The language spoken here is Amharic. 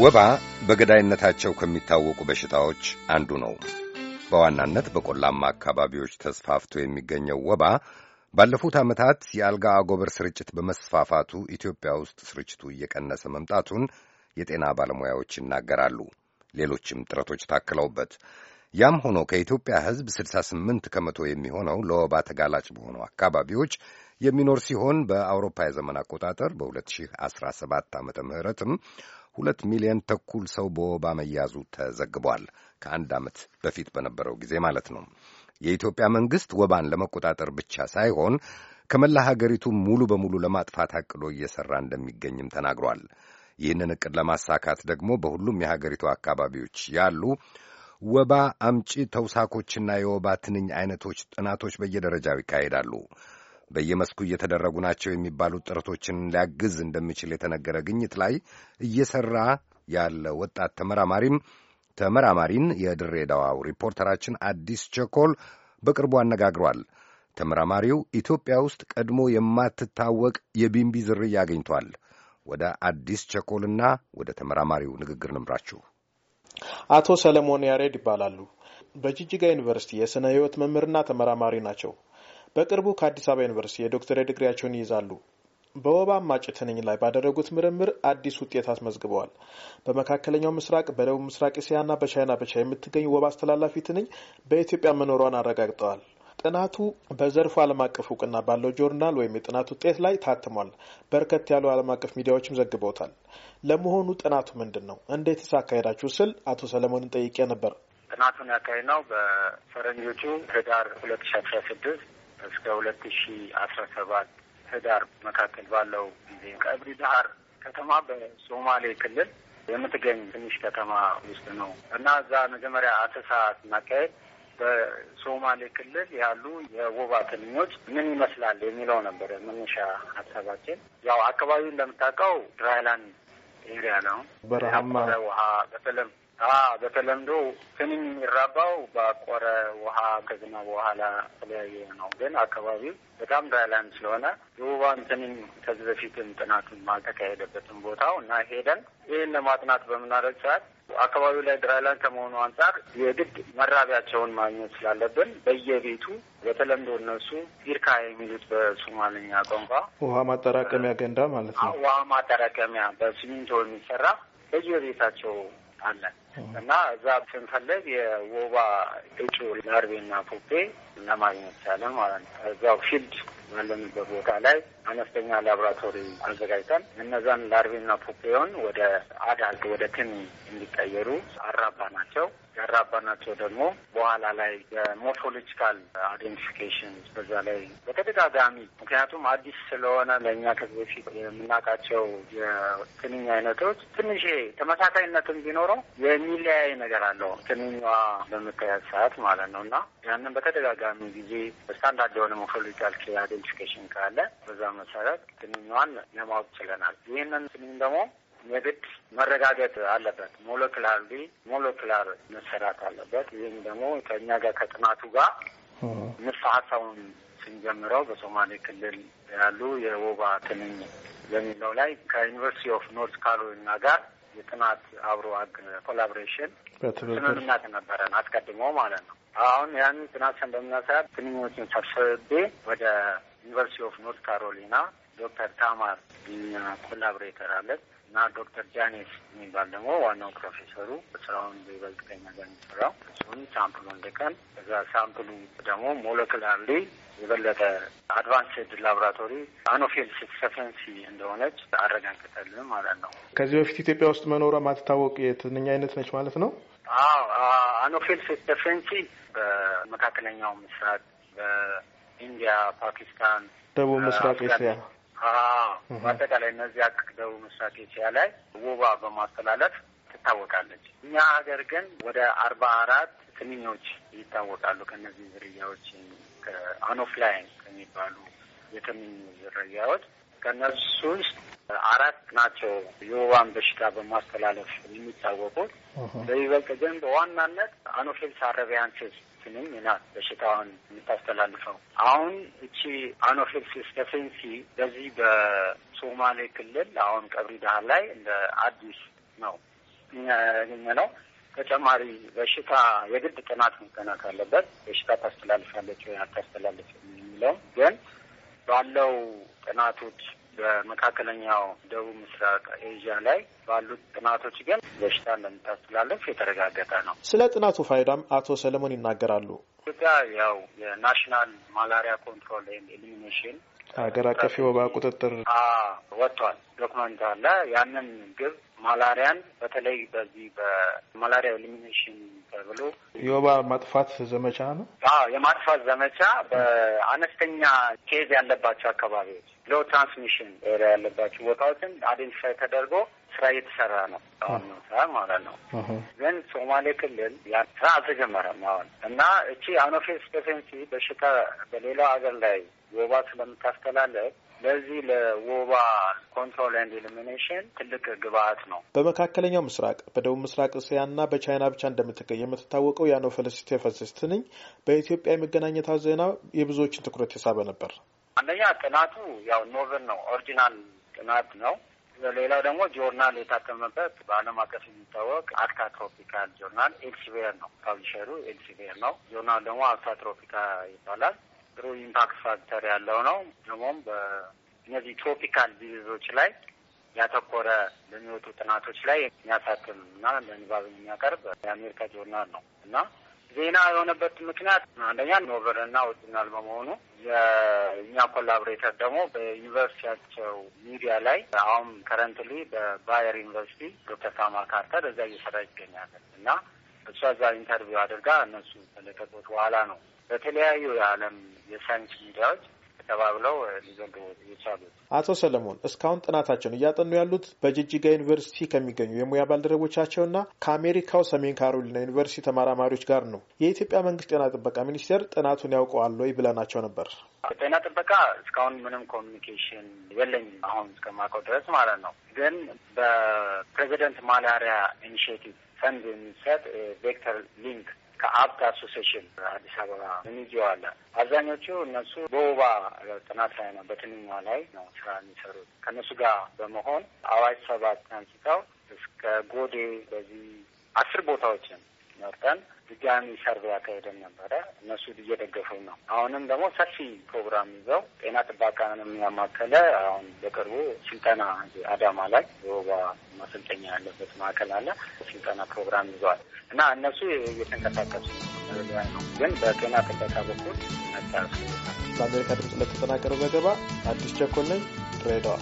ወባ በገዳይነታቸው ከሚታወቁ በሽታዎች አንዱ ነው። በዋናነት በቆላማ አካባቢዎች ተስፋፍቶ የሚገኘው ወባ ባለፉት ዓመታት የአልጋ አጎበር ስርጭት በመስፋፋቱ ኢትዮጵያ ውስጥ ስርጭቱ እየቀነሰ መምጣቱን የጤና ባለሙያዎች ይናገራሉ። ሌሎችም ጥረቶች ታክለውበት ያም ሆኖ ከኢትዮጵያ ሕዝብ 68 ከመቶ የሚሆነው ለወባ ተጋላጭ በሆኑ አካባቢዎች የሚኖር ሲሆን በአውሮፓ የዘመን አቆጣጠር በ2017 ዓ ምሕረትም ሁለት ሚሊዮን ተኩል ሰው በወባ መያዙ ተዘግቧል። ከአንድ ዓመት በፊት በነበረው ጊዜ ማለት ነው። የኢትዮጵያ መንግሥት ወባን ለመቆጣጠር ብቻ ሳይሆን ከመላ ሀገሪቱ ሙሉ በሙሉ ለማጥፋት አቅዶ እየሠራ እንደሚገኝም ተናግሯል። ይህንን ዕቅድ ለማሳካት ደግሞ በሁሉም የሀገሪቱ አካባቢዎች ያሉ ወባ አምጪ ተውሳኮችና የወባ ትንኝ አይነቶች ጥናቶች በየደረጃው ይካሄዳሉ። በየመስኩ እየተደረጉ ናቸው የሚባሉት ጥረቶችን ሊያግዝ እንደሚችል የተነገረ ግኝት ላይ እየሰራ ያለ ወጣት ተመራማሪም ተመራማሪን የድሬዳዋው ሪፖርተራችን አዲስ ቸኮል በቅርቡ አነጋግሯል። ተመራማሪው ኢትዮጵያ ውስጥ ቀድሞ የማትታወቅ የቢምቢ ዝርያ አግኝቷል። ወደ አዲስ ቸኮልና ወደ ተመራማሪው ንግግር ንምራችሁ። አቶ ሰለሞን ያሬድ ይባላሉ። በጅጅጋ ዩኒቨርሲቲ የሥነ ሕይወት መምህርና ተመራማሪ ናቸው። በቅርቡ ከአዲስ አበባ ዩኒቨርሲቲ የዶክተር ዲግሪያቸውን ይይዛሉ። በወባ አማጭ ትንኝ ላይ ባደረጉት ምርምር አዲስ ውጤት አስመዝግበዋል። በመካከለኛው ምስራቅ፣ በደቡብ ምስራቅ እስያና በቻይና ብቻ የምትገኝ ወባ አስተላላፊ ትንኝ በኢትዮጵያ መኖሯን አረጋግጠዋል። ጥናቱ በዘርፉ ዓለም አቀፍ እውቅና ባለው ጆርናል ወይም የጥናት ውጤት ላይ ታትሟል። በርከት ያሉ ዓለም አቀፍ ሚዲያዎችም ዘግበውታል። ለመሆኑ ጥናቱ ምንድን ነው? እንዴትስ አካሄዳችሁ? ስል አቶ ሰለሞንን ጠይቄ ነበር። ጥናቱን ያካሄድ ነው በፈረንጆቹ ህዳር ሁለት ሺ አስራ ስድስት እስከ ሁለት ሺ አስራ ሰባት ህዳር መካከል ባለው ጊዜ ከእብሪ ዳሀር ከተማ በሶማሌ ክልል የምትገኝ ትንሽ ከተማ ውስጥ ነው እና እዛ መጀመሪያ አሰሳ ስናካሄድ በሶማሌ ክልል ያሉ የወባ ትንኞች ምን ይመስላል የሚለው ነበር መነሻ ሀሳባችን። ያው አካባቢውን እንደምታውቀው ድራይላንድ ኤሪያ ነው። በረሃማ ውሃ በተለም በተለምዶ ትንኝ የሚራባው ባቆረ ውሃ ከዝናብ በኋላ የተለያየ ነው። ግን አካባቢው በጣም ዳላን ስለሆነ የወባን ትንኝ ከዚህ በፊትም ጥናቱን አልተካሄደበትም ቦታው እና ሄደን ይህን ለማጥናት በምናደርግ ሰዓት አካባቢው ላይ ድራይላንድ ከመሆኑ አንጻር የግድ መራቢያቸውን ማግኘት ስላለብን በየቤቱ በተለምዶ እነሱ ኢርካ የሚሉት በሶማልኛ ቋንቋ ውሃ ማጠራቀሚያ ገንዳ ማለት ነው። ውሃ ማጠራቀሚያ በሲሚንቶ የሚሰራ በየቤታቸው አለን እና እዛ ስንፈለግ የወባ እጩ ላርቤና ፖፔ ለማግኘት ቻለ ማለት ነው። እዛው ፊልድ ባለንበት ቦታ ላይ አነስተኛ ላብራቶሪ አዘጋጅተን እነዛን ላርቬና ፑፔዮን ወደ አዳልት ወደ ትኒ እንዲቀየሩ አራባ ናቸው። ያራባ ናቸው ደግሞ በኋላ ላይ የሞርፎሎጂካል አይደንቲፊኬሽን በዛ ላይ በተደጋጋሚ ምክንያቱም አዲስ ስለሆነ ለእኛ ከዚህ በፊት የምናውቃቸው የትንኝ አይነቶች ትንሽ ተመሳሳይነትም ቢኖረው የሚለያይ ነገር አለው። ትንኛ በምታያት ሰዓት ማለት ነው እና ያንን በተደጋጋሚ ጊዜ ስታንዳርድ የሆነ ሞርፎሎጂካል ቬሪፊኬሽን ካለ በዛ መሰረት ትንኛዋን ለማወቅ ችለናል። ይህንን ትንኝ ደግሞ የግድ መረጋገጥ አለበት። ሞለክላር ሞለክላር መሰራት አለበት። ይህም ደግሞ ከእኛ ጋር ከጥናቱ ጋር ንስ ሀሳቡን ስንጀምረው በሶማሌ ክልል ያሉ የወባ ትንኝ በሚለው ላይ ከዩኒቨርሲቲ ኦፍ ኖርት ካሮሊና ጋር የጥናት አብሮ ኮላቦሬሽን ስምምነት ነበረን አስቀድሞ ማለት ነው። አሁን ያን ጥናትን በምናሳያት ትንኞችን ሰብስቤ ወደ ዩኒቨርሲቲ ኦፍ ኖርት ካሮሊና ዶክተር ታማር ኮላብሬተር አለት እና ዶክተር ጃኔስ የሚባል ደግሞ ዋናው ፕሮፌሰሩ ስራውን በይበልጥ ከኛ ጋር የሚሰራው እሱን ሳምፕሉ እንደቀን እዛ ሳምፕሉ ደግሞ ሞለክላርሊ የበለጠ አድቫንስድ ላቦራቶሪ አኖፌል ሰፊንሲ እንደሆነች አረጋግጠልን ማለት ነው። ከዚህ በፊት ኢትዮጵያ ውስጥ መኖሯ ማትታወቅ የትንኛ አይነት ነች ማለት ነው? አዎ አኖፌል ደፌንሲ በመካከለኛው ምስራቅ፣ በኢንዲያ፣ ፓኪስታን፣ ደቡብ ምስራቅ ኤስያ በአጠቃላይ እነዚህ አቅቅ ደቡብ ምስራቅ ኤስያ ላይ ወባ በማስተላለፍ ትታወቃለች። እኛ ሀገር ግን ወደ አርባ አራት ትንኞች ይታወቃሉ። ከእነዚህ ዝርያዎች ከአኖፍላይን ከሚባሉ የትንኝ ዝርያዎች ከእነሱ ውስጥ አራት ናቸው የወባን በሽታ በማስተላለፍ የሚታወቁት። በይበልጥ ግን በዋናነት አኖፊልስ አረቢያንስስ ስንም ናት በሽታውን የምታስተላልፈው። አሁን እቺ አኖፊልስ ስቴፊንሲ በዚህ በሶማሌ ክልል አሁን ቀብሪ ዳህር ላይ እንደ አዲስ ነው ያገኘ ነው። ተጨማሪ በሽታ የግድ ጥናት መጠናት አለበት። በሽታ ታስተላልፋለች ወይ አታስተላልፍ የሚለው ግን ባለው ጥናቶች በመካከለኛው ደቡብ ምስራቅ ኤዥያ ላይ ባሉት ጥናቶች ግን በሽታ እንደምታስተላለፍ የተረጋገጠ ነው። ስለ ጥናቱ ፋይዳም አቶ ሰለሞን ይናገራሉ። ኢትዮጵያ ያው የናሽናል ማላሪያ ኮንትሮል ወይም ኤሊሚኔሽን ሀገር አቀፍ የወባ ቁጥጥር ወጥቷል፣ ዶክመንት አለ። ያንን ግብ ማላሪያን በተለይ በዚህ በማላሪያ ኤሊሚኔሽን ተብሎ የወባ ማጥፋት ዘመቻ ነው። አዎ የማጥፋት ዘመቻ በአነስተኛ ኬዝ ያለባቸው አካባቢዎች ሎ ትራንስሚሽን ኤሪያ ያለባቸው ቦታዎችን አይደንቲፋይ ተደርጎ ስራ እየተሰራ ነው አሁን ስራ ማለት ነው። ግን ሶማሌ ክልል ያ ስራ አልተጀመረም አሁን እና እቺ አኖፌስ ፐተንሲ በሽታ በሌላው ሀገር ላይ ወባ ስለምታስተላለፍ ለዚህ ለወባ ኮንትሮል ኤንድ ኢሊሚኔሽን ትልቅ ግብአት ነው። በመካከለኛው ምስራቅ፣ በደቡብ ምስራቅ እስያና በቻይና ብቻ እንደምትገኝ የምትታወቀው የአኖፌለስ ቲፈንስ ትንኝ በኢትዮጵያ የመገናኘታ ዜና የብዙዎችን ትኩረት የሳበ ነበር። አንደኛ ጥናቱ ያው ኖቨል ነው፣ ኦሪጂናል ጥናት ነው። ሌላው ደግሞ ጆርናል የታተመበት በዓለም አቀፍ የሚታወቅ አክታ ትሮፒካል ጆርናል ኤልሲቬር ነው። ፓብሊሸሩ ኤልሲቬር ነው። ጆርናል ደግሞ አክታ ትሮፒካ ይባላል። ጥሩ ኢምፓክት ፋክተር ያለው ነው። ደግሞም በእነዚህ ትሮፒካል ዲዚዞች ላይ ያተኮረ በሚወጡ ጥናቶች ላይ የሚያሳትም እና ለንባብ የሚያቀርብ የአሜሪካ ጆርናል ነው እና ዜና የሆነበት ምክንያት አንደኛ ኖቨል እና ኦሪጂናል በመሆኑ የእኛ ኮላቦሬተር ደግሞ በዩኒቨርሲቲያቸው ሚዲያ ላይ አሁን ከረንትሊ በባየር ዩኒቨርሲቲ ዶክተር ታማ ካርተር እዛ እየሰራ ይገኛል እና እሷ እዛ ኢንተርቪው አድርጋ እነሱ ከለቀቁት በኋላ ነው በተለያዩ የዓለም የሳይንስ ሚዲያዎች ተባብለው ሊዘንዱ ይቻሉ። አቶ ሰለሞን እስካሁን ጥናታቸውን እያጠኑ ያሉት በጅጅጋ ዩኒቨርሲቲ ከሚገኙ የሙያ ባልደረቦቻቸውና ከአሜሪካው ሰሜን ካሮሊና ዩኒቨርሲቲ ተመራማሪዎች ጋር ነው። የኢትዮጵያ መንግስት ጤና ጥበቃ ሚኒስቴር ጥናቱን ያውቀዋል ወይ ብለናቸው ነበር። ጤና ጥበቃ እስካሁን ምንም ኮሚኒኬሽን የለኝም አሁን እስከማውቀው ድረስ ማለት ነው። ግን በፕሬዚደንት ማላሪያ ኢኒሽቲቭ ፈንድ የሚሰጥ ቬክተር ሊንክ ከአብት አሶሴሽን አዲስ አበባ እንጂኦ አለ። አብዛኞቹ እነሱ በወባ ጥናት ላይ ነው፣ በትንኛ ላይ ነው ስራ የሚሰሩት። ከእነሱ ጋር በመሆን አዋጅ ሰባት አንስተው እስከ ጎዴ በዚህ አስር ቦታዎችን መርጠን ድጋሚ ሰርቬ ያካሄደን ነበረ። እነሱ እየደገፉ ነው። አሁንም ደግሞ ሰፊ ፕሮግራም ይዘው ጤና ጥባቃ የሚያማከለ አሁን በቅርቡ ስልጠና አዳማ ላይ የወባ ማሰልጠኛ ያለበት ማዕከል አለ። ስልጠና ፕሮግራም ይዘዋል። እና እነሱ እየተንቀሳቀሱ ነው። ግን በጤና ጥበቃ በኩል መታስ በአሜሪካ ድምፅ ለተጠናቀረው ዘገባ አዲስ ቸኮል ነኝ ድሬዳዋ።